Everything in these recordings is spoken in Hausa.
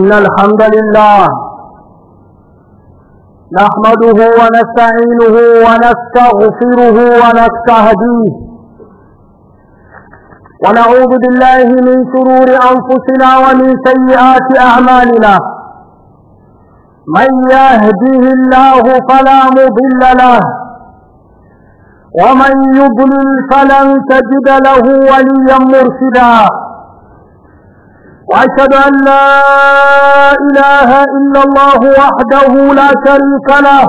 إن الحمد لله نحمده ونستعينه ونستغفره ونستهديه ونعوذ بالله من شرور أنفسنا ومن سيئات أعمالنا من يهده الله فلا مضل له ومن يضلل فلن تجد له وليا مرشدا وأشهد أن لا إله إلا الله وحده لا شريك له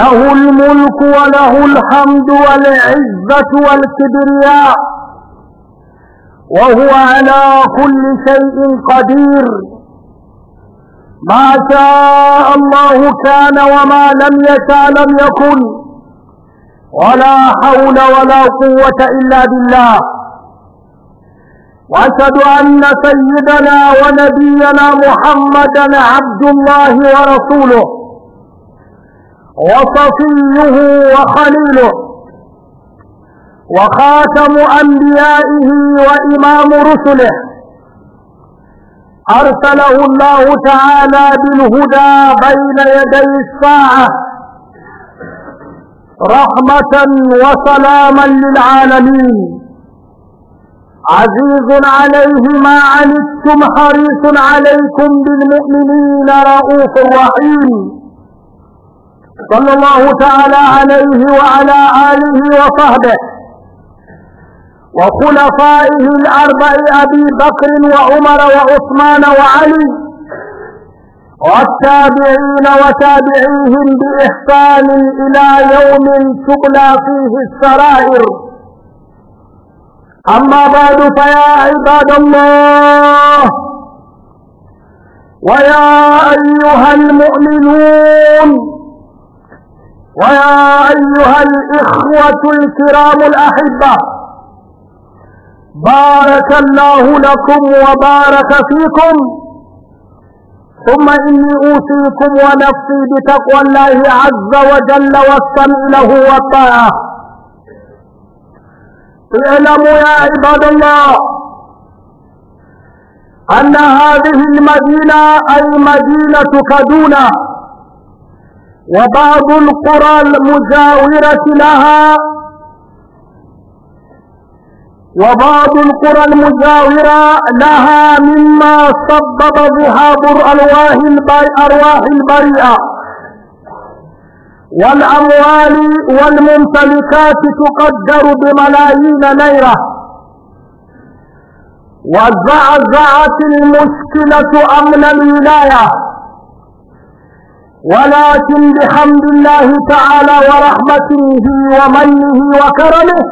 له الملك وله الحمد والعزة والكبرياء وهو على كل شيء قدير ما شاء الله كان وما لم يشاء لم يكن ولا حول ولا قوة إلا بالله وأشهد أن سيدنا ونبينا محمدا عبد الله ورسوله وصفيه وخليله وخاتم أنبيائه وإمام رسله أرسله الله تعالى بالهدى بين يدي الساعة رحمة وسلاما للعالمين عزيز عليه ما عنتم حريص عليكم بالمؤمنين رؤوف رحيم صلى الله تعالى عليه وعلى آله وصحبه وخلفائه الأربع أبي بكر وعمر وعثمان وعلي والتابعين وتابعيهم بإحسان إلى يوم تبلى فيه السرائر أما بعد فيا عباد الله ويا أيها المؤمنون ويا أيها الإخوة الكرام الأحبة بارك الله لكم وبارك فيكم ثم إني أوصيكم ونفسي بتقوى الله عز وجل والسمع له والطاعة اعلموا يا عباد الله أن هذه المدينة أي مدينة كدونة وبعض القرى المجاورة لها وبعض القرى المجاورة لها مما سبب ذهاب أرواح البريئة والأموال والممتلكات تقدر بملايين ليرة وزعزعت المشكلة أمن الولاية ولكن بحمد الله تعالى ورحمته ومنه وكرمه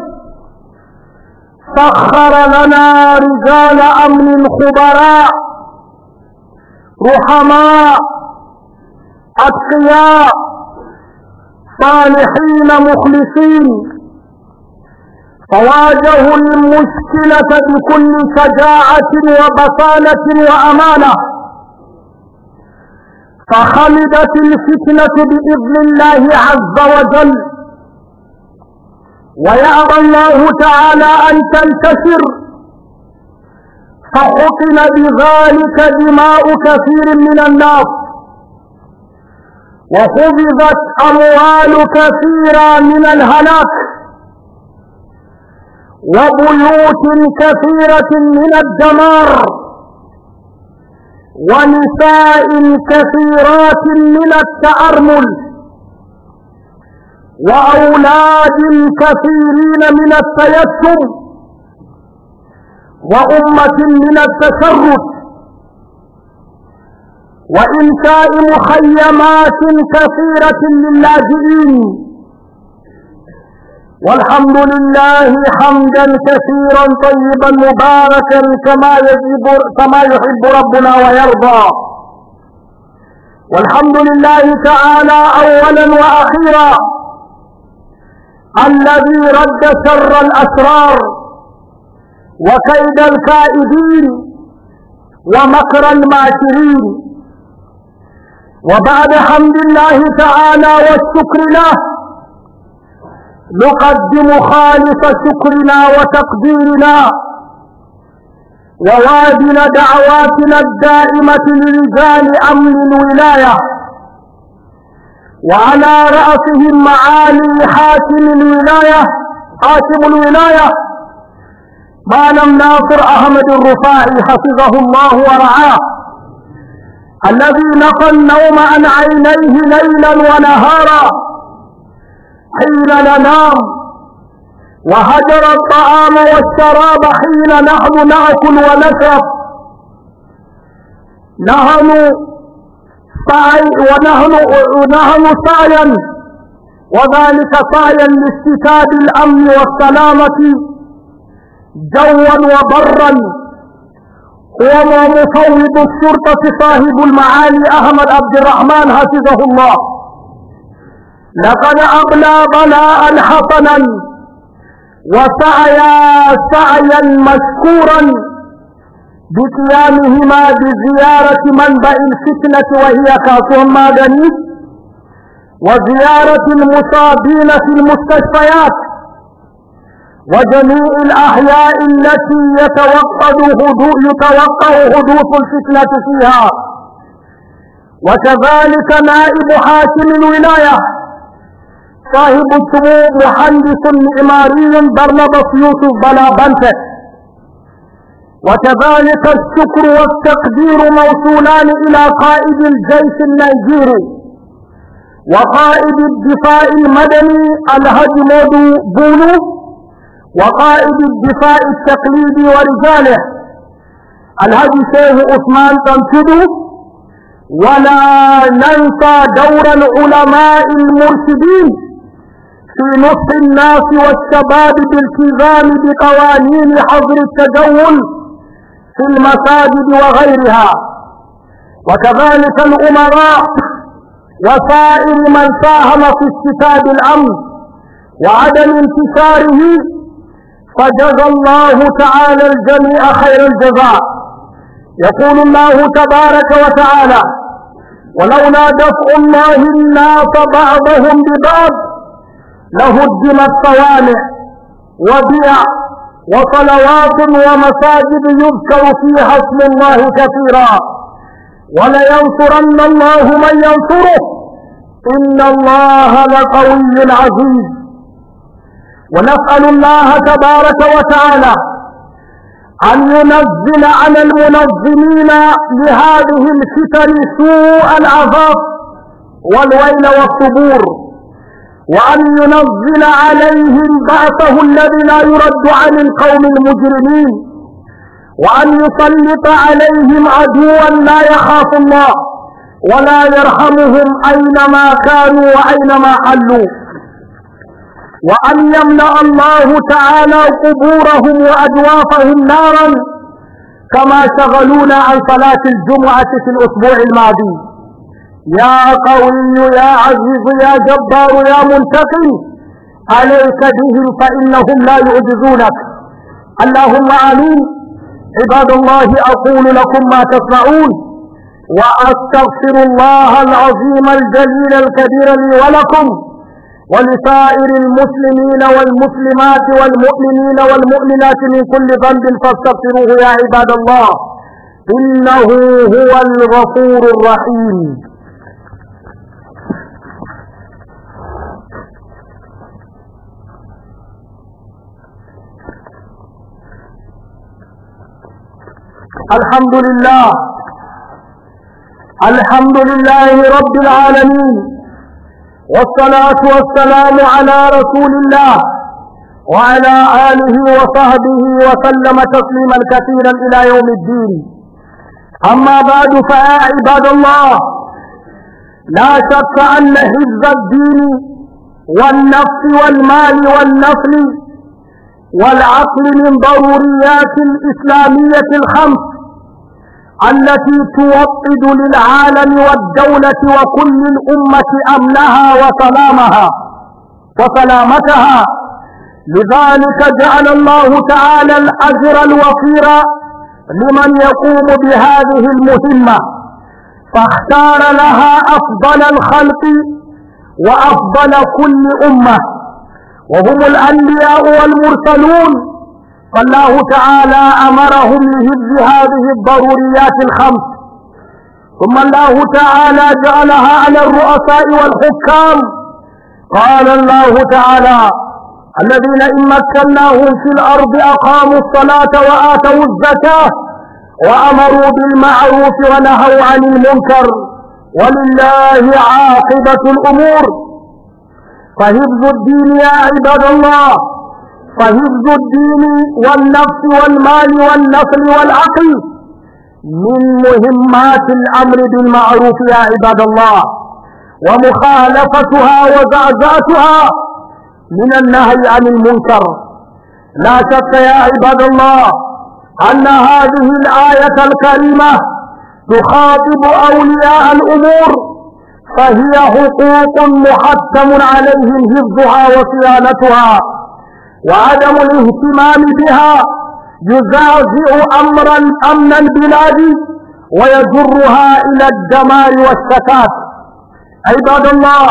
سخر لنا رجال أمن خبراء رحماء أتقياء صالحين مخلصين فواجهوا المشكلة بكل شجاعة وبصالة وأمانة فخلدت الفتنة بإذن الله عز وجل ويأبى الله تعالى أن تنتشر فحقن بذلك دماء كثير من الناس وقبضت اموال كثيرة من الهلاك وبيوت كثيرة من الدمار ونساء كثيرات من التأرمل وأولاد كثيرين من التيسر وأمة من التشرد وإنشاء مخيمات كثيرة للاجئين والحمد لله حمدا كثيرا طيبا مباركا كما يجب كما يحب ربنا ويرضى والحمد لله تعالى أولا وأخيرا الذي رد شر الأسرار وكيد الكائدين ومكر الماكرين وبعد حمد الله تعالى والشكر له نقدم خالص شكرنا وتقديرنا ووازن دعواتنا الدائمة لرجال أمن الولاية وعلى رأسهم معالي حاكم الولاية حاكم الولاية مالم ناصر أحمد الرفاعي حفظه الله ورعاه الذي نقى النوم عن عينيه ليلا ونهارا حين ننام وهجر الطعام والشراب حين نحن ناكل ونشرب نهم سعي ونهم نهم سعيا وذلك سعيا لاستتاب الامن والسلامه جوا وبرا وما مفوض الشرطة صاحب المعالي أحمد عبد الرحمن حفظه الله لقد أبلى بلاء حسنا وسعيا سعيا مشكورا بقيامهما بزيارة منبع الفتنة وهي كاسهم معدني وزيارة المصابين في المستشفيات وجميع الأحياء التي يتوقد هدوء يتوقع حدوث الفتنة فيها وكذلك نائب حاكم الولاية صاحب السمو مهندس معماري برنبس يوسف بلا بنته وكذلك الشكر والتقدير موصولان إلى قائد الجيش النيجيري وقائد الدفاع المدني الهجمود بولو وقائد الدفاع التقليدي ورجاله الهدي شيخ عثمان تنفذه ولا ننسى دور العلماء المرشدين في نصح الناس والشباب بالتزام بقوانين حظر التجول في المساجد وغيرها وكذلك الأمراء وسائر من ساهم في اكتساب الأمن وعدم انتشاره فجزى الله تعالى الجميع خير الجزاء يقول الله تبارك وتعالى ولولا دفع الله الناس بعضهم ببعض لهدمت صوامع وبيع وصلوات ومساجد يذكر فيها اسم الله كثيرا ولينصرن الله من ينصره إن الله لقوي عزيز ونسأل الله تبارك وتعالى أن ينزل على المنظمين لهذه الفتن سوء العذاب والويل والصبور وأن ينزل عليهم بعثه الذي لا يرد عن القوم المجرمين وأن يسلط عليهم عدوا لا يخاف الله ولا يرحمهم أينما كانوا وأينما حلوا وأن يملأ الله تعالى قبورهم وأجوافهم نارا كما شغلونا عن صلاة الجمعة في الأسبوع الماضي يا قوي يا عزيز يا جبار يا منتقم عليك بهم فإنهم لا يعجزونك اللهم آمين عباد الله أقول لكم ما تسمعون وأستغفر الله العظيم الجليل الكبير لي ولكم ولسائر المسلمين والمسلمات والمؤمنين والمؤمنات من كل ذنب فاستغفروه يا عباد الله إنه هو الغفور الرحيم الحمد لله الحمد لله رب العالمين والصلاة والسلام على رسول الله وعلى آله وصحبه وسلم تسليما كثيرا إلى يوم الدين أما بعد فيا عباد الله لا شك أن حفظ الدين والنفس والمال والنفل والعقل من ضروريات الإسلامية الخمس التي توطد للعالم والدولة وكل الأمة أمنها وسلامها وسلامتها لذلك جعل الله تعالى الأجر الوفير لمن يقوم بهذه المهمة فاختار لها أفضل الخلق وأفضل كل أمة وهم الأنبياء والمرسلون فالله تعالى أمرهم بهز هذه الضروريات الخمس ثم الله تعالى جعلها على الرؤساء والحكام قال الله تعالى الذين إن مكناهم في الأرض أقاموا الصلاة وآتوا الزكاة وأمروا بالمعروف ونهوا عن المنكر ولله عاقبة الأمور فحفظ الدين يا عباد الله فهز الدين والنفس والمال والنسل والعقل من مهمات الأمر بالمعروف يا عباد الله ومخالفتها وزعزعتها من النهي عن المنكر لا شك يا عباد الله أن هذه الآية الكريمة تخاطب أولياء الأمور فهي حقوق محتم عليهم حفظها وصيانتها وعدم الاهتمام بها يزعزع أمرا أمن البلاد ويجرها إلى الدمار والسكات عباد الله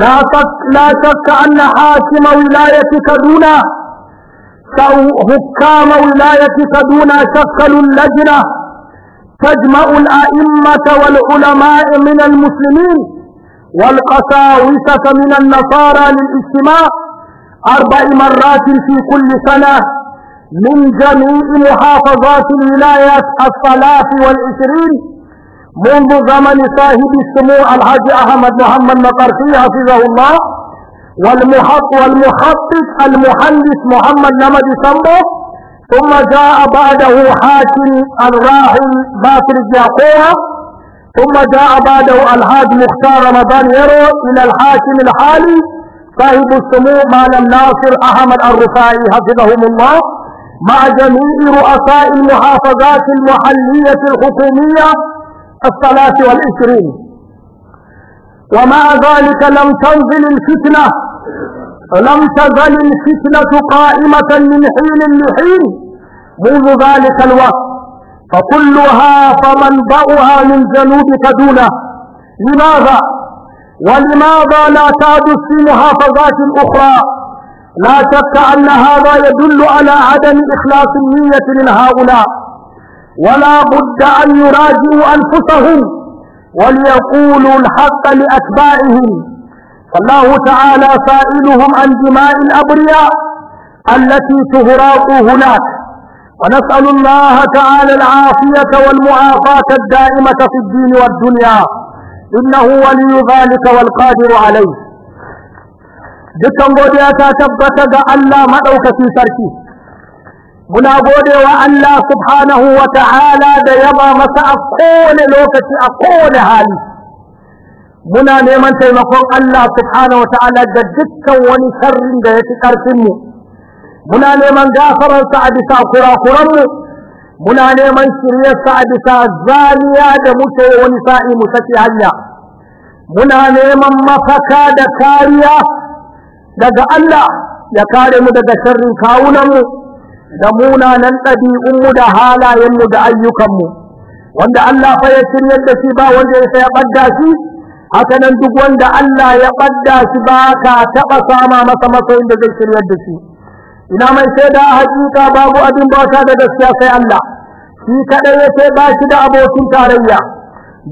لا شك لا شك أن حاكم ولاية كدونا حكام ولاية كدونا شكلوا اللجنة تجمع الأئمة والعلماء من المسلمين والقساوسة من النصارى للاجتماع أربع مرات في كل سنة من جميع محافظات الولايات الثلاث والعشرين منذ زمن صاحب السمو الحاج أحمد محمد مقرشي حفظه الله والمحط والمخطط المهندس محمد نمد سمبو ثم جاء بعده حاكم الراحل باطل الجاقوة ثم جاء بعده الحاج مختار رمضان يرو إلى الحاكم الحالي صاحب السمو مال الناصر أحمد الرفاعي حفظهم الله مع جميع رؤساء المحافظات المحلية الحكومية الثلاث والعشرين ومع ذلك لم تنزل الفتنة لم تزل الفتنة قائمة من حين لحين منذ ذلك الوقت فكلها فمنبعها من جنوبك دونه لماذا؟ ولماذا لا تعدد في محافظات أخرى لا شك أن هذا يدل على عدم إخلاص النية لهؤلاء ولا بد أن يراجعوا أنفسهم وليقولوا الحق لأتباعهم فالله تعالى سائلهم عن دماء الأبرياء التي تهراق هناك ونسأل الله تعالى العافية والمعافاة الدائمة في الدين والدنيا إنه ولي ذلك والقادر عليه dukkan godiya ta tabbata ga Allah maɗaukaki sarki muna godewa Allah subhanahu wa ta'ala da yaba masa a kowane lokaci a kowane hali muna neman taimakon Allah subhanahu wa ta'ala da dukkan wani sharrin da ya fi ƙarfinmu muna neman gafararsa a bisa kurakuranmu muna neman shiryarsa a bisa zaliya da muke wani sa'i mu saki hanya muna neman mafaka da kariya daga Allah ya kare mu daga sharrin kawunanmu da munanan ɗabi'unmu da halayenmu da ayyukanmu wanda Allah fa ya shiryar da shi ba wanda ya ya ɓadda shi haka nan duk wanda Allah ya ɓadda shi ba ka taɓa sama masa matsayin da zai shiryar da shi ina mai shaida a hakika babu abin bauta da gaskiya sai Allah shi kadai yake ba shi da abokin tarayya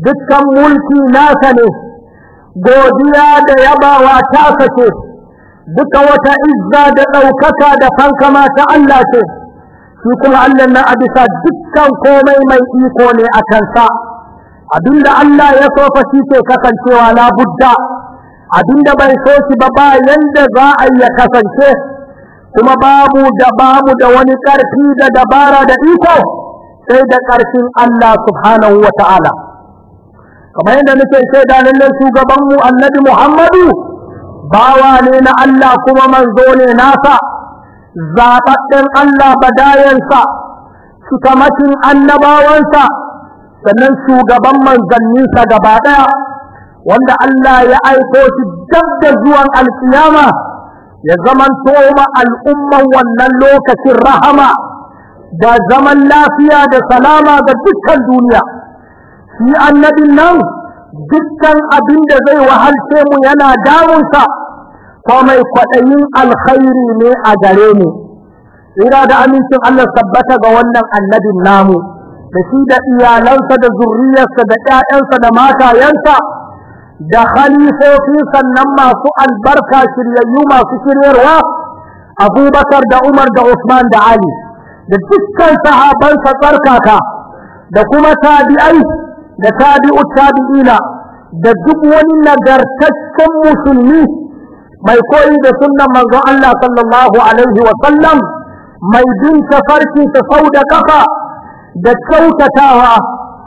dukkan mulki nasa ne godiya da yabawa ta kace duka wata izza da daukaka da fankama ta Allah ce shi kuma Allah na abisa dukkan komai mai iko ne a kansa abinda Allah ya so fa shi ke kasancewa na budda abinda bai so shi ba ba yanda za a ya kasance kuma babu da babu da wani karfi da dabara da iko sai da ƙarfin Allah subhanahu wa ta'ala kamar yadda nake shaida lalle shugaban mu annabi Muhammadu bawa ne na Allah kuma manzo ne nasa Zaɓaɗɗen Allah badayansa shugabancin annabawansa sannan shugaban manzanninsa gaba ɗaya wanda Allah ya aiko shi dab da zuwan alkiyama ya zamanto ma al'umman wannan lokacin rahama da zaman lafiya da salama ga dukkan duniya shi annabin nan dukkan abin da zai wahalce mu yana damunsa ko mai kwaɗayin alkhairi ne a gare mu Ina da amincin Allah tabbata ga wannan annabin namu da shi da iyalansa da zurriyarsa da ƴaƴansa da matayensa da khalifofi sannan masu albarka shiryayyu masu shiryarwa abubakar da umar da usman da ali da dukkan sahabansa tsarkaka da kuma tabi'ai da tabi'u tabi'ina da duk wani nagartaccen musulmi mai koyi da sunnan manzo Allah sallallahu alaihi wa sallam mai bin tafarki ta sau da kafa da kyautatawa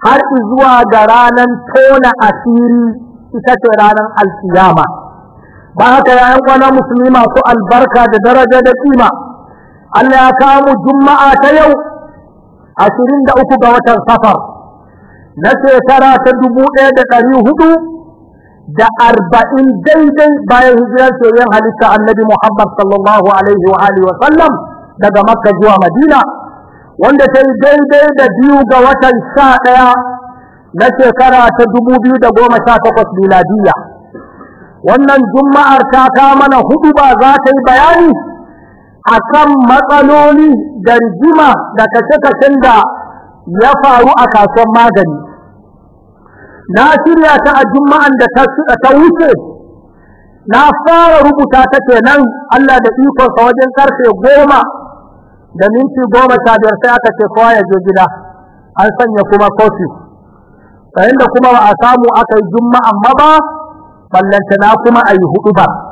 har zuwa ga ranar tona asiri ita ce ranar alkiyama ba haka yayan kwana musulmi masu albarka da daraja da kima Allah ya kawo juma'a ta yau da uku ga watan safar na shekara ta ɗaya da hudu da arba'in daidai bayan hijirar soyayyen halitta annabi Muhammad sallallahu alaihi wa alihi wa sallam daga Makka zuwa Madina wanda ta yi daidai da biyu ga watan sha ɗaya na shekara ta dubu biyu da goma sha takwas miladiya wannan juma'ar ta kama na hudu ba za ta yi bayani akan matsaloli da rigima da kace-kacen da ya faru a kasuwar magani na shirya ta a juma'an da ta wuce na fara rubuta ta kenan Allah da ikonsa wajen karfe goma da minti goma sha biyar sai aka ce kowa ya je gida an sanya kuma kofi yayin da kuma ba a samu aka yi juma'an ma ba na kuma a yi hudu ba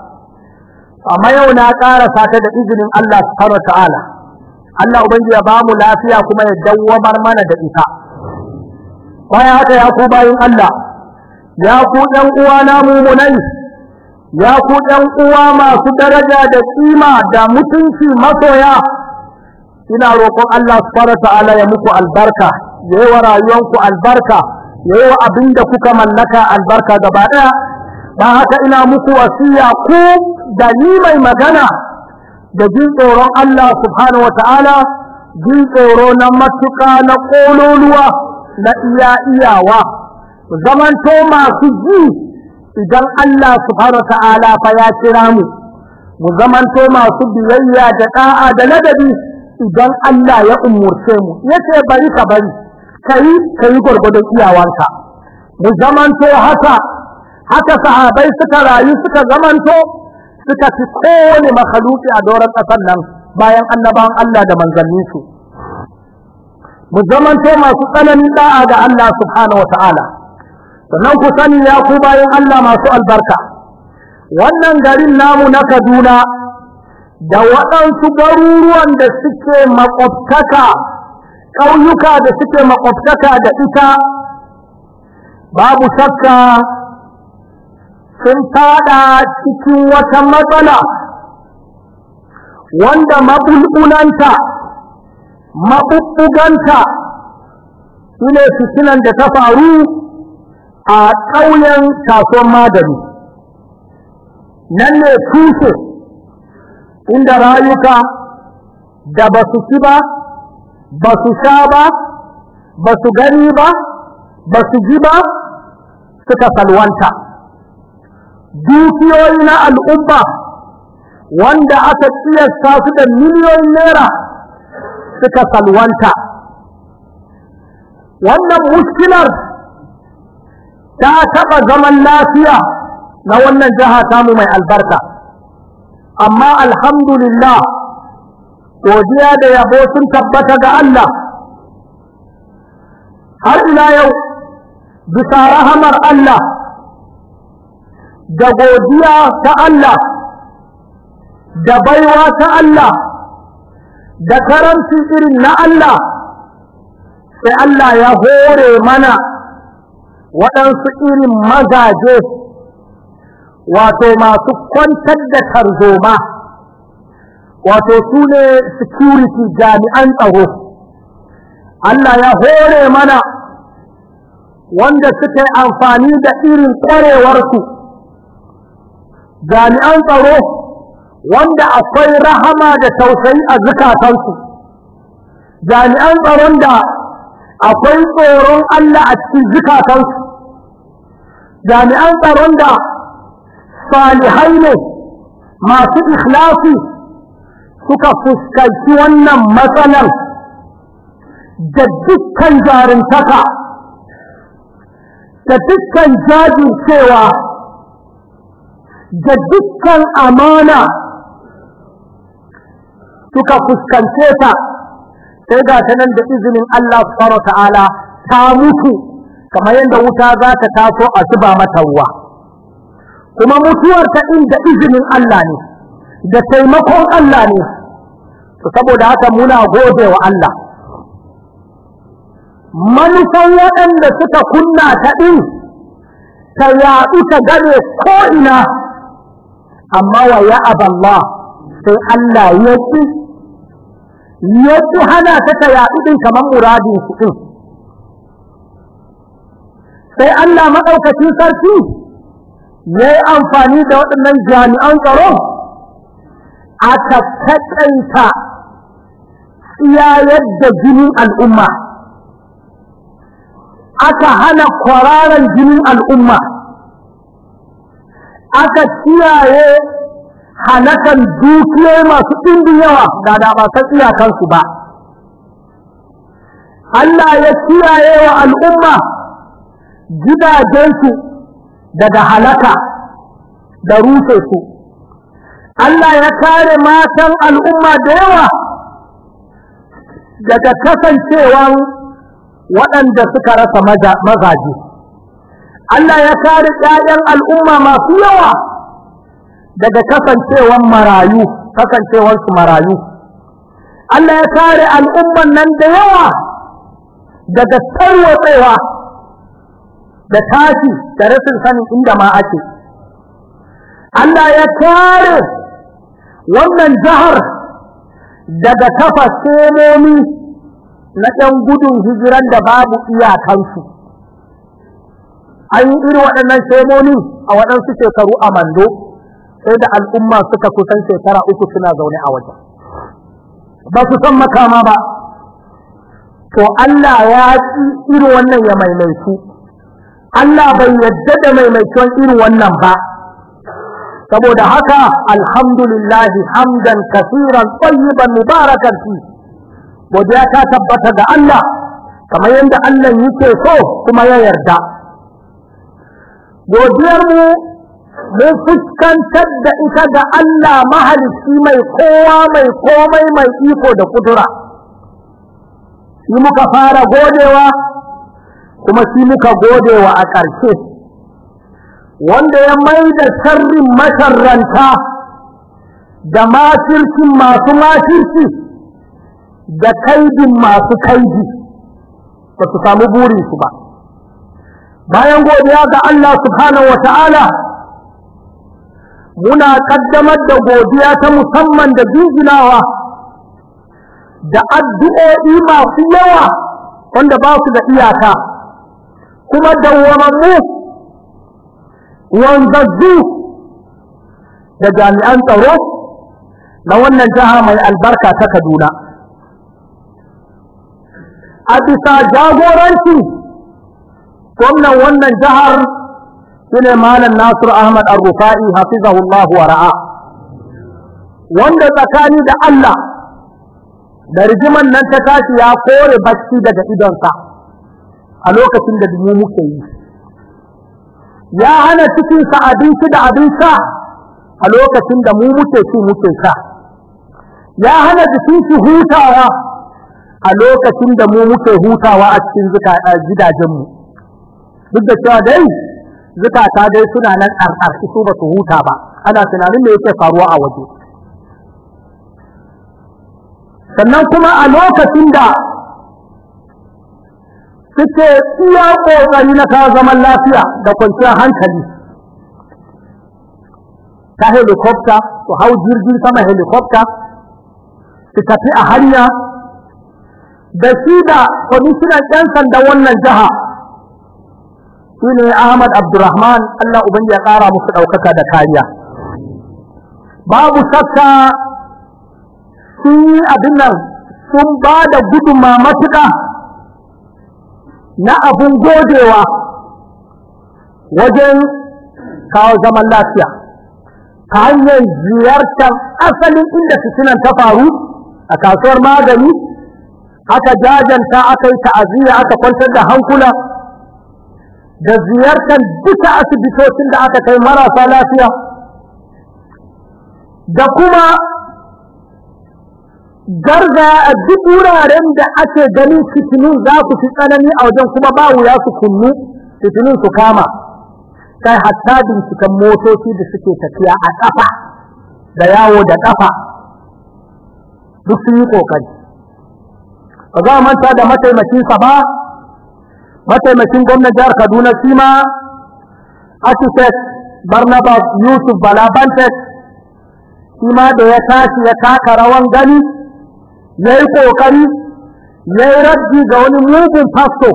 amma yau na ƙara ta da izinin Allah subhanahu wataala Allah ubangiji ya bamu lafiya kuma ya dawwamar mana da ita baya haka ya ku bayin Allah ya ku ɗan uwa na mumunai ya ku ɗan uwa masu daraja da tsima da mutunci masoya ina roƙon Allah subhanahu wataala ya muku albarka Ya yi wa rayuwanku albarka Ya yi wa abin da kuka mallaka albarka gaba ɗaya da haka ina muku wasiya ku da ni mai magana da jin tsoron Allah subhanahu wata'ala jin tsoro na matuƙa na ƙololuwa na iya iyawa zamanto masu ji idan Allah subhanahu wata'ala fa ya kira mu mu zamanto masu biyayya da ɗa'a da ladabi idan Allah ya umurce mu yace bari ka bari kai kai gurgurdan iyawanka mu zamanto haka haka sahabai suka rayu suka zamanto suka fi kowane makhaluki a doron ƙasar nan bayan annabawan Allah da manzanninsu mu zamanto masu tsananin da'a ga Allah subhanahu wa ta'ala sannan ku sani ya ku bayan Allah masu albarka wannan garin namu na Kaduna da waɗansu garuruwan da suke makwabtaka ƙauyuka da suke makwabtaka da ita babu shakka sun fada cikin wata matsala wanda mabulbulanta mabubbuganta su ne fitinan da ta faru a ƙauyen kasuwan magani nan ne tushe inda rayuka da ba su ci ba ba su sha ba ba su gani ba ba su ji ba suka salwanta dukiyoyi na al'umma wanda aka tsiyasta su da miliyoyin naira suka salwanta wannan muskilar ta taɓa zaman lafiya na wannan jiha tamu mai albarka amma alhamdulillah godiya da yabo sun tabbata ga Allah har ila yau bisa rahamar Allah da godiya ta Allah da baiwa ta Allah da karanci irin na Allah sai Allah ya hore mana waɗansu irin mazaje wato masu kwantar da tarzoma wato su ne security jami'an tsaro Allah ya hore mana wanda suke amfani da irin ƙwarewarsu jami'an tsaro wanda akwai rahama da tausayi a zukatansu jami'an tsaron da akwai tsoron Allah a cikin zukatansu jami'an tsaron da salihai ne masu ikhlasi suka fuskanci wannan matsalar da dukkan jarintaka da dukkan jajircewa da dukkan amana suka fuskance ta sai ga ta nan da izinin Allah subhanahu ta'ala ta mutu kamar yadda wuta za ta taso a zuba mata ruwa kuma mutuwar ta inda izinin Allah ne da taimakon Allah ne to saboda haka muna gode wa Allah manufan waɗanda suka kunna ta din ta yaɗu ta gane ko'ina. amma wa ya aballah sai Allah ya ci ya ci hana ta ta yaɗu ɗin kamar muradin su ɗin sai Allah maɗaukacin sarki ya yi amfani da waɗannan jami'an tsaro a taƙaƙaita tsiyayar da jinin al'umma aka hana kwararan jinin al'umma aka kiyaye halakan dukiyar masu ɗimbin yawa da da ba san iyakansu ba Allah ya kiyaye wa al'umma gidajensu daga halaka da rufe su Allah ya kare matan al'umma da yawa daga kasancewan waɗanda suka rasa mazaje. Allah ya kare ƴaƴan al'umma masu yawa daga kasancewan marayu su marayu Allah ya kare al'umman nan da yawa daga tarwatsewa da tashi da rashin sanin inda ma ake Allah ya kare wannan jihar daga kafa tsomomi na ɗan gudun hijiran da babu iyakansu an yi iri waɗannan shemoni a waɗansu shekaru a mando sai da al'umma suka kusan shekara uku suna zaune a wajen ba su san makama ba to Allah ya ci irin wannan ya maimaitu Allah bai yadda da maimaituwan irin wannan ba saboda haka alhamdulillah hamdan kasiran tayyiban mubarakan fi godiya ta tabbata ga Allah kamar yadda Allah yake so kuma ya yarda godiyar mu mun fuskantar da ita ga Allah mahalicci mai kowa mai komai mai iko da kudura shi muka fara godewa kuma shi muka godewa a ƙarshe wanda ya mai da sharrin masarranta da makircin masu makirci da kaidin masu kaidi ba su samu burinsu ba bayan godiya ga Allah subhanahu wa ta'ala muna ƙaddamar da godiya ta musamman da jinjinawa da addu'o'i masu yawa wanda ba su da iyaka kuma da dawwamammu wanzazzu da jami'an tsaro na wannan jiha mai albarka ta kaduna a bisa jagoranci gwamnan wannan jihar shine malam Nasir Ahmad Ar-Rufa'i hafizahullah wa ra'a wanda tsakani da Allah da rigiman nan ta tashi ya kore bacci daga idonsa a lokacin da dumu muke yi ya hana cikinsa abinci da abin sha a lokacin da mu muke ci muke sha ya hana jikin shi hutawa a lokacin da mu muke hutawa a cikin gidajenmu duk da cewa dai zukata dai suna nan ar'ar su ba su huta ba ana tunanin me yake faruwa a waje sannan kuma a lokacin da suke iya kokari na kawo zaman lafiya da kwanciyar hankali ta helikopta su hau jirgin sama helikopta su tafi a hanya da shi da kwamishinan 'yan sanda wannan jiha shine Ahmad Abdurrahman Allah uban ya kara musu ɗaukaka da kariya babu shakka sun yi abin nan sun ba da gudunma matuƙa na abin godewa wajen kawo zaman lafiya ta hanyar ziyartar asalin inda fitinan ta faru a kasuwar magani aka jajanta aka yi ta'aziyya aka kwantar da hankula da ziyartar duka asibitocin da aka kai marasa lafiya da kuma garga a duk wuraren da ake ganin fitinun za ku fi tsanani a wajen kuma ba wuya su kunnu fitinun su kama kai hatta binciken motoci da suke tafiya a ƙafa da yawo da ƙafa duk sun yi ƙoƙari ba za a manta da mataimakinsa ba mataimakin gwamnan jihar kaduna shi ma architect barnabas yusuf balabantes shi ma da ya tashi ya taka rawan gani ya yi ƙoƙari ya yi rabbi ga wani mugun fasto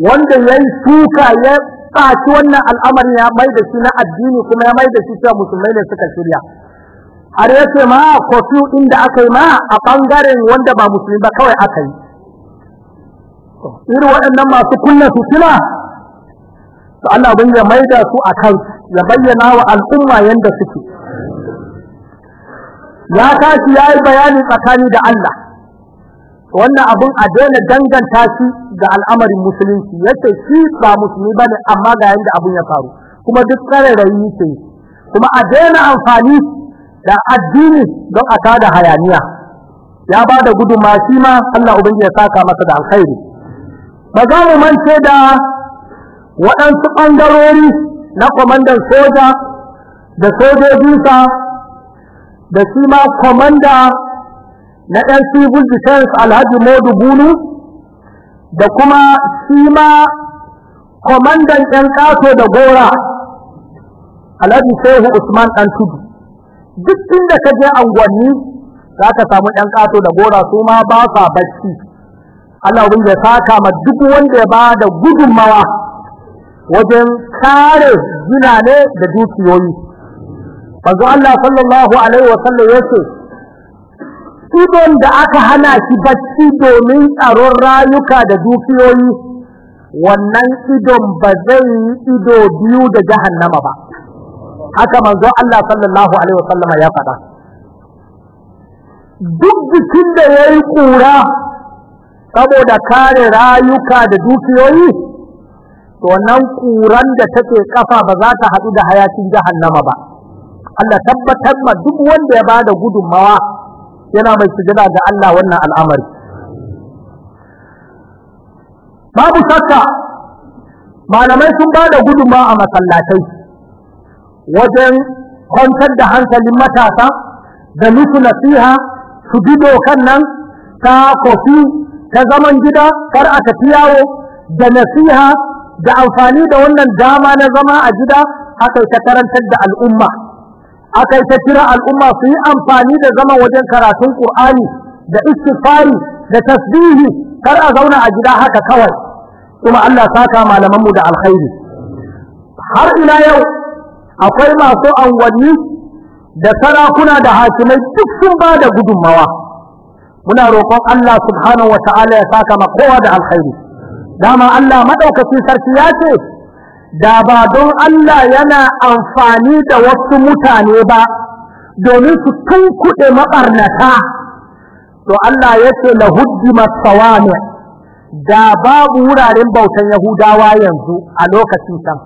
wanda ya yi shuka ya tsaci wannan al'amarin ya mai da shi na addini kuma ya mai da shi cewa musulmai ne suka shirya har ya ce ma kofi inda aka yi ma a ɓangaren wanda ba musulmi ba kawai aka yi irin waɗannan masu kunna fitina to Allah bin ya maida su a kan ya bayyana wa al'umma yanda suke ya tashi yayi bayani tsakani da Allah wannan abun a daina danganta shi da al'amarin musulunci yace shi ba musulmi bane amma ga yanda abun ya faru kuma duk tsare rayi ce kuma a daina amfani da addini don a da hayaniya ya ba da gudunma shi ma Allah ubangiji ya saka masa da alkhairi ba za mu mance da waɗansu ɓangarori na kwamandan soja da sojojinsa da shi ma kwamanda na ɗan civil defense alhaji modu Bulu, da kuma shi ma kwamandan ɗan ƙato da gora alhaji Sehu usman ɗan tudu duk inda ka je angwanni za ka samu ɗan ƙato da gora su ma ba sa bacci Allah ubin ya saka ma duk wanda ya bada gudunmawa wajen kare zinane da dukiyoyi manzo Allah sallallahu alaihi wa sallam ce, idon da aka hana shi bacci domin tsaron rayuka da dukiyoyi wannan idon ba zai yi ido biyu da jahannama ba haka manzo Allah sallallahu alaihi wa sallama ya faɗa duk bikin da yayi kura saboda kare rayuka da dukiyoyi to nan kuran da take kafa ba za ta haɗu da hayakin jahannama ba Allah tabbatar ma duk wanda ya bada gudunmawa yana mai sujada ga Allah wannan al'amari babu shakka malamai sun bada gudunmawa a masallatai wajen kwantar da hankalin matasa da nufi nasiha su bi dokan nan ta kofi ta zaman gida kar a tafi yawo da nasiha da amfani da wannan dama na zama a gida aka ta karantar da al'umma aka ta kira al'umma su yi amfani da zaman wajen karatun Ƙur'ani da istighfari da tasbihi kar a zauna a gida haka kawai kuma Allah saka malaman mu da alkhairi har ila yau akwai masu anwanni da sarakuna da hakimai duk sun ba da gudunmawa muna roƙon Allah subhanahu wa ta'ala ya saka ma kowa da alkhairi dama Allah madaukakin sarki ya ce da ba don Allah yana amfani da wasu mutane ba domin su tunkuɗe maɓarnata to Allah ya ce la huddima sawami da babu wuraren bautan Yahudawa yanzu a lokacin can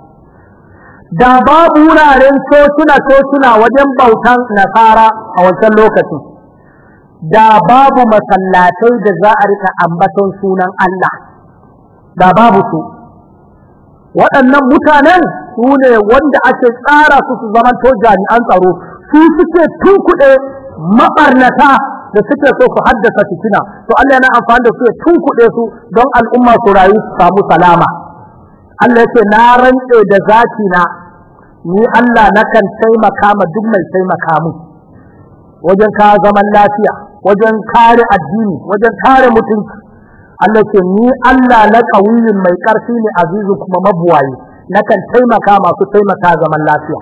da babu wuraren sotuna sotuna wajen bautan nasara a wancan lokacin da babu masallatai da za a rika ambaton sunan Allah da babu su waɗannan mutanen su ne wanda ake tsara su su zamanto jami'an tsaro su suke tunkuɗe maɓarnata da suke so su haddasa fitina to Allah yana amfani da su ya tunkuɗe su don al'umma su rayu su samu salama Allah yake na rantse da zati na ni Allah nakan taimaka ma duk mai taimaka mu wajen ka zaman lafiya wajen kare addini wajen kare mutunci Allah ce ni Allah na kawiyin mai ƙarfi ne azizu kuma mabuwayi nakan taimaka masu taimaka zaman lafiya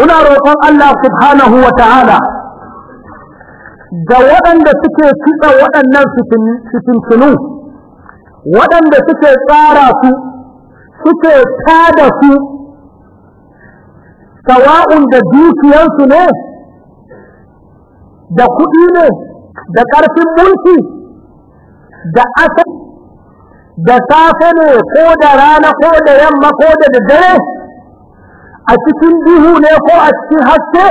muna roƙon Allah subhanahu wa ta'ala da waɗanda suke kitsa waɗannan fitintunu waɗanda suke tsara su suke tada su sawa'un da dukiyarsu ne da kuɗi ne da ƙarfin mulki da asa da safe ne ko da rana ko da yamma ko da daddare a cikin duhu ne ko a cikin haske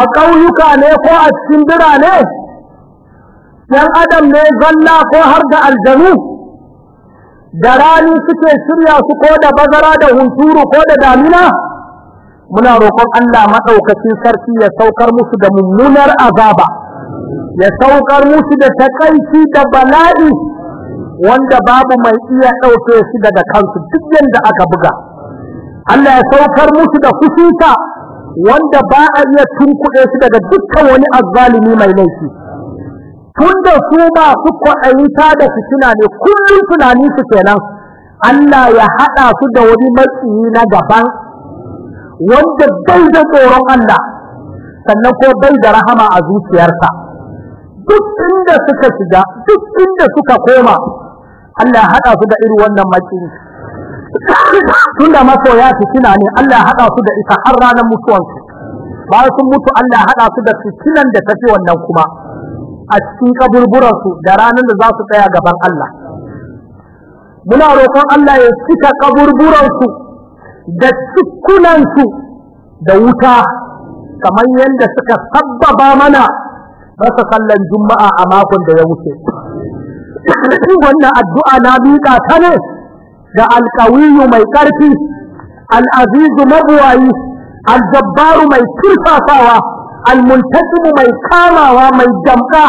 a ƙauyuka ne ko a cikin birane ‘yan adam ne zalla ko har da aljanu’ da rani suke shirya su ko da bazara da hunturu ko da damina muna roƙon Allah maɗaukacin sarki ya saukar musu da mummunar azaba ya saukar musu da takaici da bala'i wanda babu mai iya ɗauke shi daga kansu duk yadda aka buga Allah ya saukar musu da kusuta wanda ba a iya tunkuɗe su daga dukkan wani azzalimi mai laifi tun da su ba su ta da suna ne kullum tunani su kenan Allah ya haɗa su da wani matsiyi na gaban wanda bai da tsoron Allah sannan ko bai da rahama a zuciyarsa duk inda suka shiga duk inda suka koma Allah ya haɗa su da irin wannan makin tunda ya fitina ne Allah ya haɗa su da ita har ranar mutuwansu bayan sun mutu Allah ya haɗa su da fitinan da tafi wannan kuma a cikin kaburburansu da ranar da za su tsaya gaban Allah muna roƙon Allah ya cika kaburburansu da cikunansu da wuta kamar yadda suka sabbaba mana rasa sallan juma'a a makon da ya wuce wannan addu'a na miƙa ta ne ga alƙawiyu mai ƙarfi al'azizu mabuwayi aljabbaru mai kirfafawa almuntajimu mai kamawa mai damka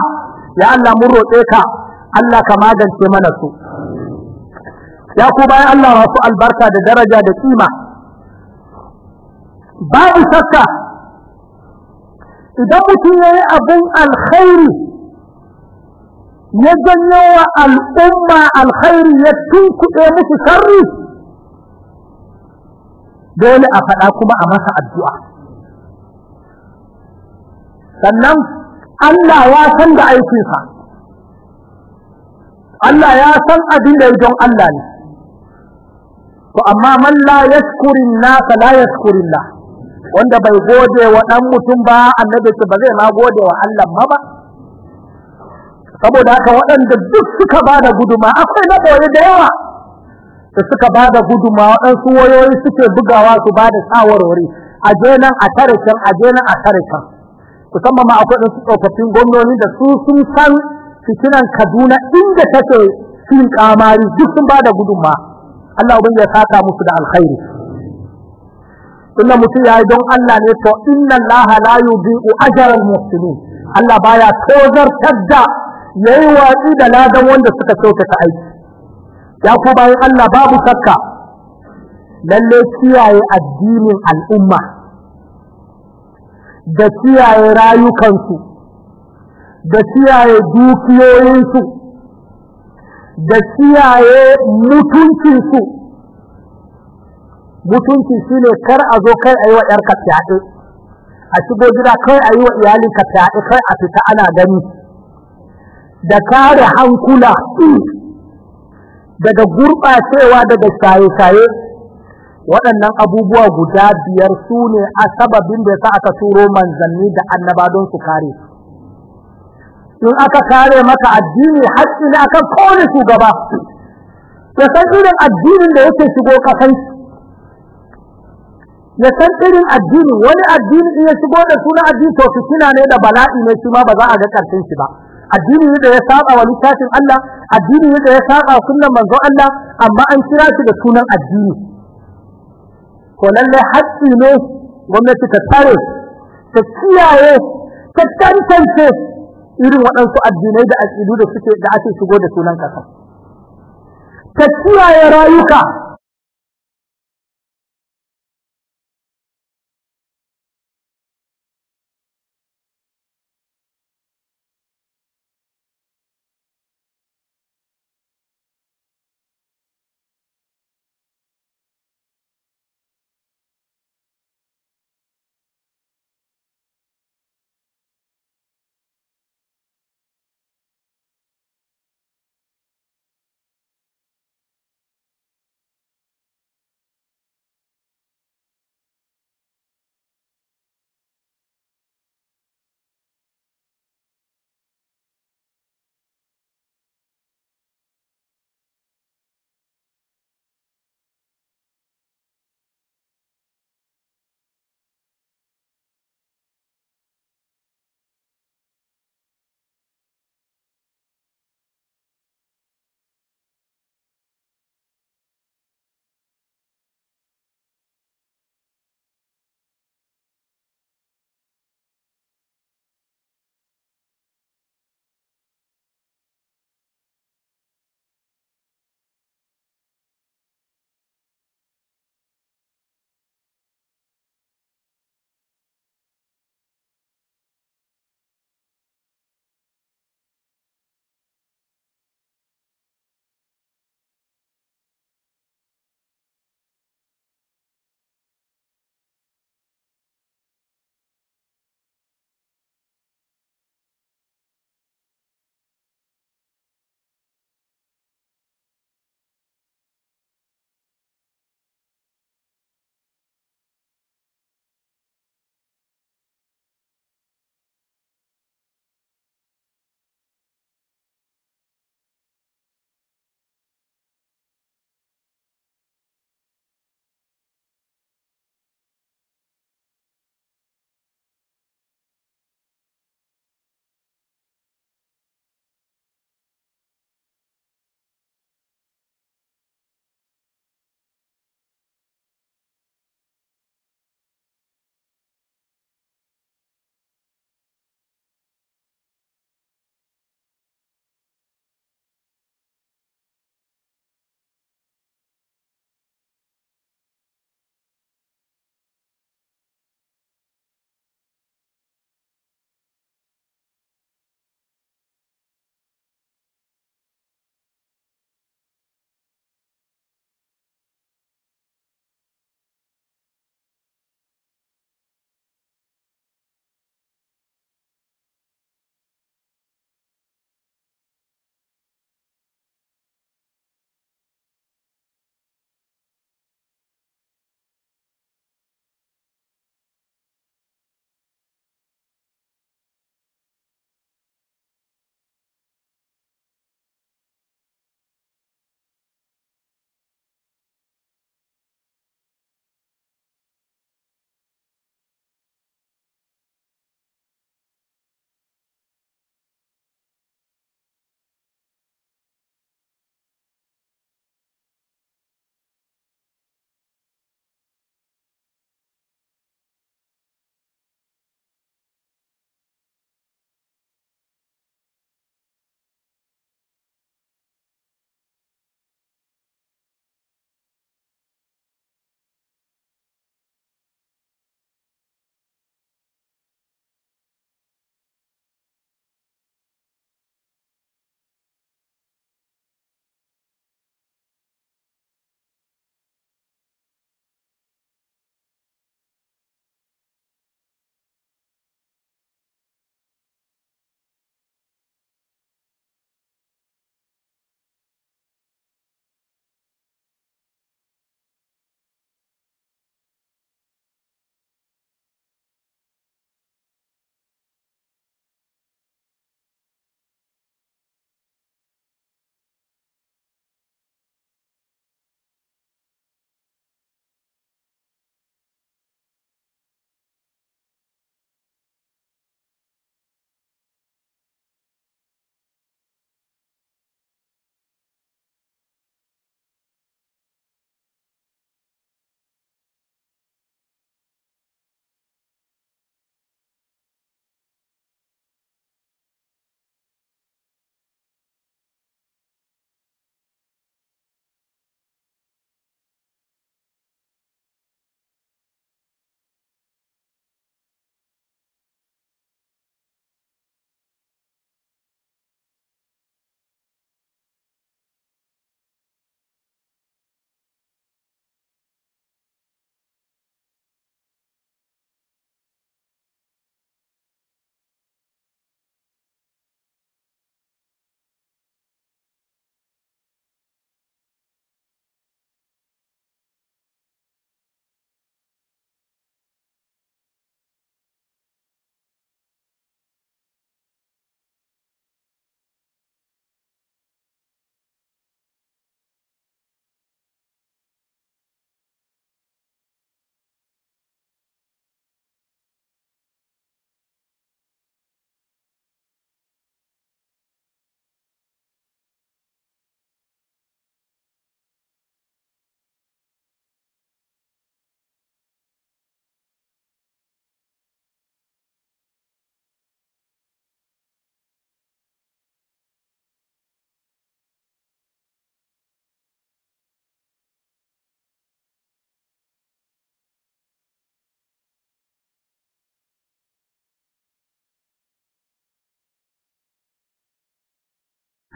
ya Allah mun roƙe ka Allah ka magance mana su ya ku bayan Allah wasu albarka da daraja da kima babu shakka idan mutum ya yi abin alkhairi ya janyo wa al'umma alkhairi ya tunkuɗe musu sharri dole a faɗa kuma a masa addu'a sannan Allah ya san da aikinsa Allah ya san abin da don Allah ne to amma man la yaskurin nasa la Allah wanda bai gode wa ɗan mutum ba annabi ce ba zai ma gode wa Allah ma ba saboda haka waɗanda duk suka ba da guduma akwai na boye da yawa da suka ba da guduma waɗansu wayoyi suke bugawa su ba da shawarwari a je nan a tare can a je nan a tare can musamman ma akwai ɗansu tsofaffin gwamnoni da su sun san fitinan Kaduna inda take fin kamari duk sun ba da guduma Allah ubangiji ya saka musu da alkhairi tunda mutum ya yi don Allah ne to inna Allah la yudhi'u ajral muslimin Allah baya tozartar da yayi watsi da ladan wanda suka ka aiki ya ku bayan Allah babu sakka lalle kiyaye addinin al'umma da kiyaye rayukansu da kiyaye dukiyoyinsu da kiyaye mutuncinsu mutunci shine kar a zo kai ayi wa yarka fyaɗe a shigo gida kai ayi wa iyalinka fyaɗe kai a fita ana gani da kare hankula daga gurɓacewa daga shaye-shaye waɗannan abubuwa guda biyar su ne a sababin da yasa aka turo manzanni da annaba don su kare in aka kare maka addini har ne akan kowane shugaba ya san irin addinin da yake shigo kasan ya san irin addini wani addini in ya shigo da suna addini to fitina ne da bala'i ne shi ma ba za a ga karshen shi ba addini ne da ya saba wa littafin Allah addini ne da ya saba sunnan manzon Allah amma an kira shi da sunan addini Ko lalle haƙƙi ne gwamnati ta tare ta kiyaye ta tantance irin waɗansu addinai da aƙidu da suke da ake shigo da sunan kasa ta kiyaye rayuka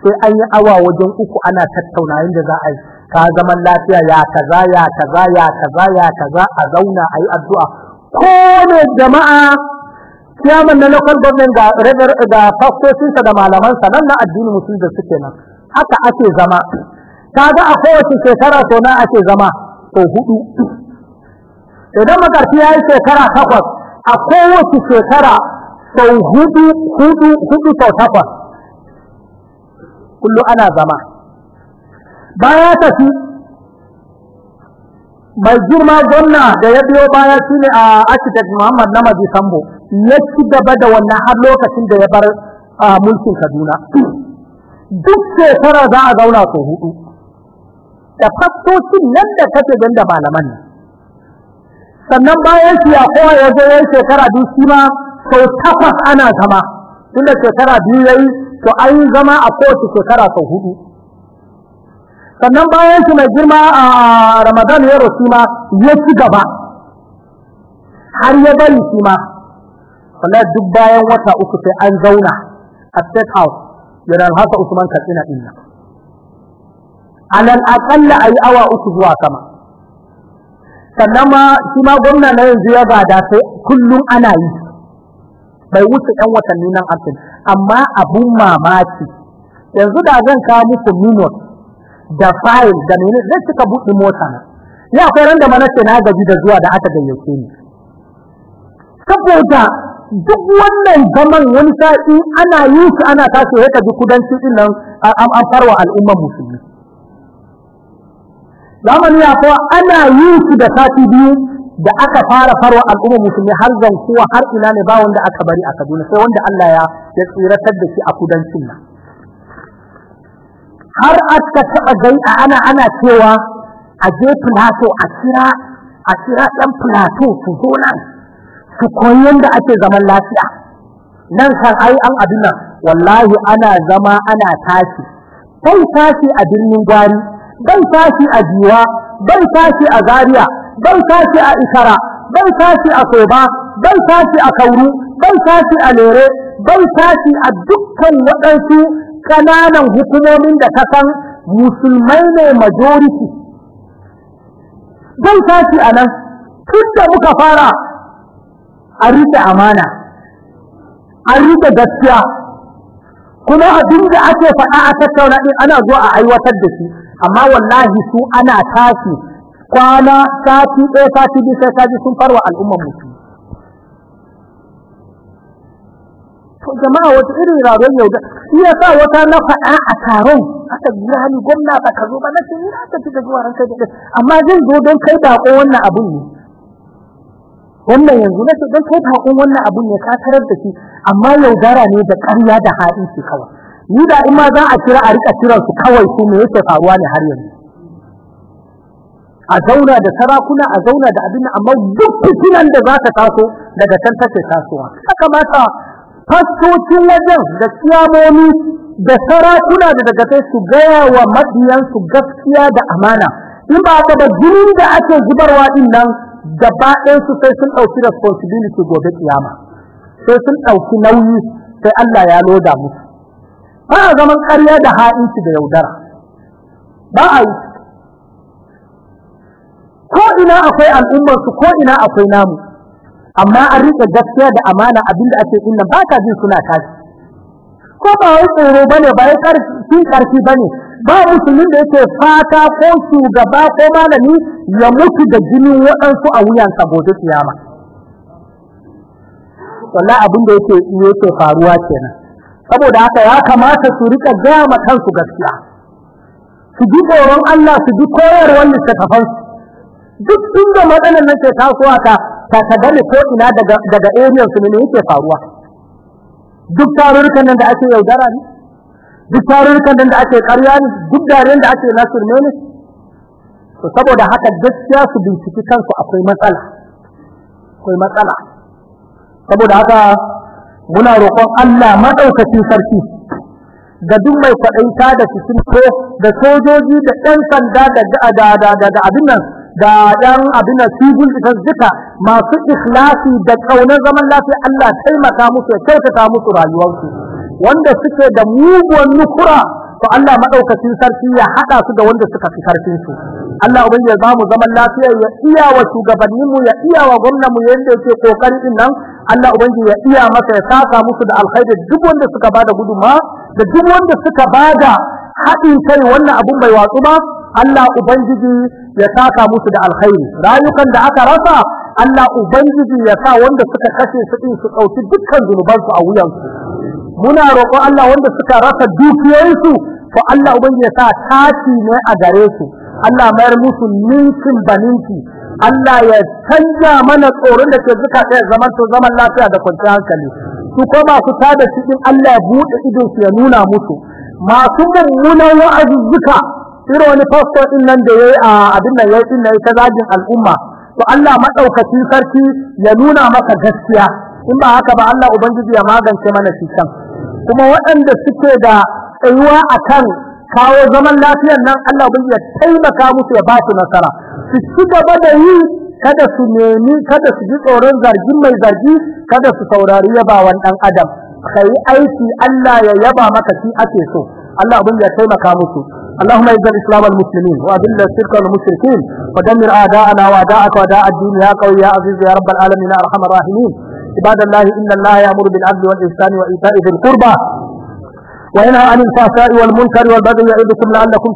sai an yi awa wajen uku ana tattauna yadda za a yi ka zaman lafiya ya kaza ya kaza ya kaza ya kaza a zauna a yi addu'a ko ne jama'a kiyaman na local government ga ga fastocinsa da malamansa nan na addinin musulmi da suke nan haka ake zama kaga a kowace shekara to na ake zama to hudu idan makarfi ya yi shekara takwas a kowace shekara sau hudu hudu hudu sau takwas kullum ana zama baya tafi mai girma gwamna da ya biyo baya shi ne a architect muhammad na sambo ya ci gaba da wannan har lokacin da ya bar mulkin kaduna duk shekara za a zauna ko hudu da fastocin nan da kake don da malaman ne sannan bayan shi a kowa ya zo ya shekara biyu shi ma sau takwas ana zama da shekara biyu yayi to an zama a kowace shekara sau hudu sannan bayan shi mai girma a ramadan ya rasu ma ya ci gaba har ya bari shi ma sannan duk bayan wata uku sai an zauna a state house yana haka usman katsina inna nan alal aqalla ayi awa uku zuwa kama. sannan ma shi ma gwamna na yanzu ya bada sai kullum ana yi bai wuce yan watanni nan arzikin amma abin mamaki yanzu da zan kawo muku minot da fayil da minot zai cika buɗe mota na Ya akwai randa mana ce na gaji da zuwa da aka gayyace ni saboda duk wannan zaman wani sa'i ana yi shi ana tashi ya kaji kudanci din nan an farwa al'ummar musulmi zamani ya fa ana yi shi da sati biyu da aka fara farwa al'umma musulmi har zankuwa har ina ne ba wanda aka bari a Kaduna sai wanda Allah ya ya tsiratar da shi a kudancin nan har aka taɓa gai a ana ana cewa a je Plato a kira a kira ɗan Plato su zo nan su koyi yadda ake zaman lafiya nan kan ai an abin nan wallahi ana zama ana tashi bai tashi a birnin gwari bai tashi a jiwa bai tashi a zaria ban tashi a isara ban tashi a soba ban tashi a kauru ban tashi a lere ban tashi a dukkan waɗansu ƙananan hukumomin da ka san musulmai ne majority ban tashi a nan tun muka fara a rike amana an rike gaskiya kuma abin da ake faɗa a tattauna ɗin ana zuwa a aiwatar da shi amma wallahi su ana tashi kwana sati ɗaya sati biyu sai kaji sun farwa al'ummar mutu. to jama'a wata irin raron yau da shi yasa wata na faɗa a taron aka biya hani gwamna ba ka zo ba na ce ina ka ci da zuwa ranka da amma zan zo don kai baƙon wannan abun ne wannan yanzu na ce don kai baƙon wannan abun ne ka tarar da shi amma yaudara ne da ƙarya da haɗin shi kawai ni da in ma za a kira a riƙa kiransu kawai su me yake faruwa ne har yanzu a zauna da sarakuna a zauna da abin amma duk fitinan da za ta taso daga can take tasowa haka mata fastocin wajen da kiyamomi da sarakuna da daga sai su gaya wa mabiyansu gaskiya da amana in ba ka ba jinin da ake zubarwa din nan gaba su sai sun ɗauki responsibility gobe kiyama sai sun ɗauki nauyi sai Allah ya loda musu ba a zaman ƙarya da ha'inci da yaudara ba a yi ko ina akwai al'ummar su ko ina akwai namu amma an rike gaskiya da amana abinda ake inna ba ka jin suna kashi. ko ba wai tsoro bane ba wai karfi karfi bane ba musulmi da yake fata ko shugaba ko malami ya mutu da jinin waɗansu a wuyan gobe kiyama wallahi abin da yake yake faruwa kenan saboda haka ya kamata su rika gama kansu gaskiya su ji tsoron Allah su ji koyarwar littattafansu duk da matsalar nan ke tasowa ka ta ka gane ko ina daga daga area su ne yake faruwa duk tarurrukan nan da ake yaudara ne duk tarurrukan nan da ake karya ne duk daren da ake nasir ne ne to saboda haka gaskiya su binciki kansu akwai matsala akwai matsala saboda haka muna roƙon Allah madaukakin sarki da duk mai kwaɗaita da sun ko da sojoji da ɗan sanda da da da abin nan Da dan abin civil ita zika, masu ikhlasi da tsaunin zaman lafiya Allah taimaka musu ya kyautata musu rayuwarsu wanda suke da muguwan nukura to Allah madaukakin sarki ya hada su da wanda suka fi karfin su Allah ubangiji ya ba mu zaman lafiya ya iya wa shugabannin mu ya iya wa gwamnatin mu yanda yake kokari din nan Allah ya iya masa ya saka musu da alkhairi duk wanda suka bada guduma da duk wanda suka bada haɗin kai wannan abun bai watsu ba Allah ubangiji ya saka musu da alkhairi rayukan da aka rasa Allah ubangiji ya sa wanda suka kashe su din su kauci dukkan zunubansu a wuyansu muna roƙo Allah wanda suka rasa dukiyoyinsu to Allah ubangiji ya sa tashi ne a gare su Allah mayar musu ninkin baninki Allah ya canja mana tsoron da ke zuka ɗaya zaman to zaman lafiya da kwanciyar hankali su ko masu tada cikin Allah ya buɗe idonsu ya nuna musu masu mummunan wa'azuzzuka irin wani fasto din nan da yayi a ah, abin nan yayi din yayi ta zagin al'umma to Allah madaukakin sarki ya nuna maka gaskiya in ba haka ba Allah ubangiji ya magance mana shi kan kuma waɗanda suke da tsayuwa akan kawo zaman lafiyar nan Allah ubangiji ya taimaka musu ya ba su nasara su ci gaba da yi kada su nemi kada su ji tsoron zargin mai zargi kada su saurari yabawan dan adam kai aiki Allah ya yaba maka shi ake so Allah abin ya taimaka musu اللهم اعز الاسلام والمسلمين واذل الشرك والمشركين ودمر اعداءنا واعداءك واعداء الدين يا قوي يا عزيز يا رب العالمين يا ارحم الراحمين عباد الله ان الله يامر بالعدل والاحسان وايتاء ذي القربى وينهى عن الفحشاء والمنكر والبغي يعظكم لعلكم